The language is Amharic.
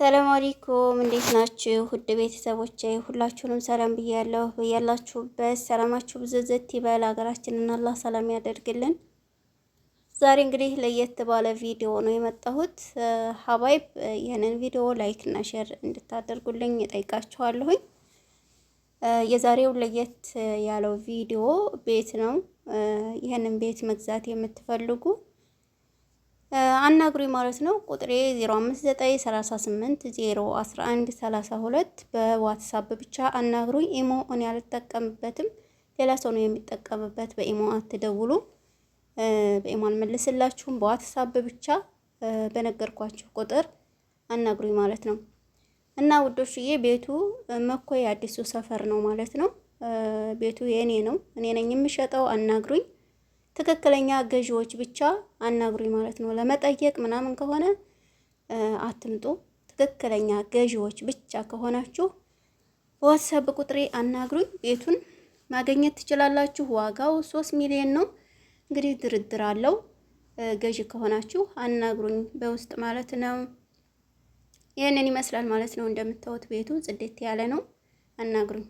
ሰላም አለይኩም እንዴት ናችሁ? ውድ ቤተሰቦቼ ሁላችሁንም ሰላም ብያለሁ። ብያላችሁበት ሰላማችሁ ብዝዝት ይበል። ሀገራችንን አላህ ሰላም ያደርግልን። ዛሬ እንግዲህ ለየት ባለ ቪዲዮ ነው የመጣሁት። ሀባይብ ይህንን ቪዲዮ ላይክ እና ሼር እንድታደርጉልኝ እጠይቃችኋለሁኝ። የዛሬው ለየት ያለው ቪዲዮ ቤት ነው። ይህንን ቤት መግዛት የምትፈልጉ አናግሩኝ ማለት ነው። ቁጥሬ 05938011132 በዋትሳፕ ብቻ አናግሩኝ። ኢሞ እኔ አልጠቀምበትም፣ ሌላ ሰው ነው የሚጠቀምበት። በኢሞ አትደውሉ፣ በኢሞ አልመልስላችሁም። በዋትሳፕ ብቻ በነገርኳችሁ ቁጥር አናግሩኝ ማለት ነው። እና ውዶችዬ ቤቱ መኮይ አዲሱ ሰፈር ነው ማለት ነው። ቤቱ የእኔ ነው፣ እኔ ነኝ የምሸጠው። አናግሩኝ። ትክክለኛ ገዢዎች ብቻ አናግሩኝ ማለት ነው። ለመጠየቅ ምናምን ከሆነ አትምጡ። ትክክለኛ ገዢዎች ብቻ ከሆናችሁ በዋትሳፕ ቁጥሬ አናግሩኝ። ቤቱን ማገኘት ትችላላችሁ። ዋጋው ሶስት ሚሊዮን ነው። እንግዲህ ድርድር አለው። ገዢ ከሆናችሁ አናግሩኝ በውስጥ ማለት ነው። ይህንን ይመስላል ማለት ነው። እንደምታዩት ቤቱ ጽድት ያለ ነው። አናግሩኝ።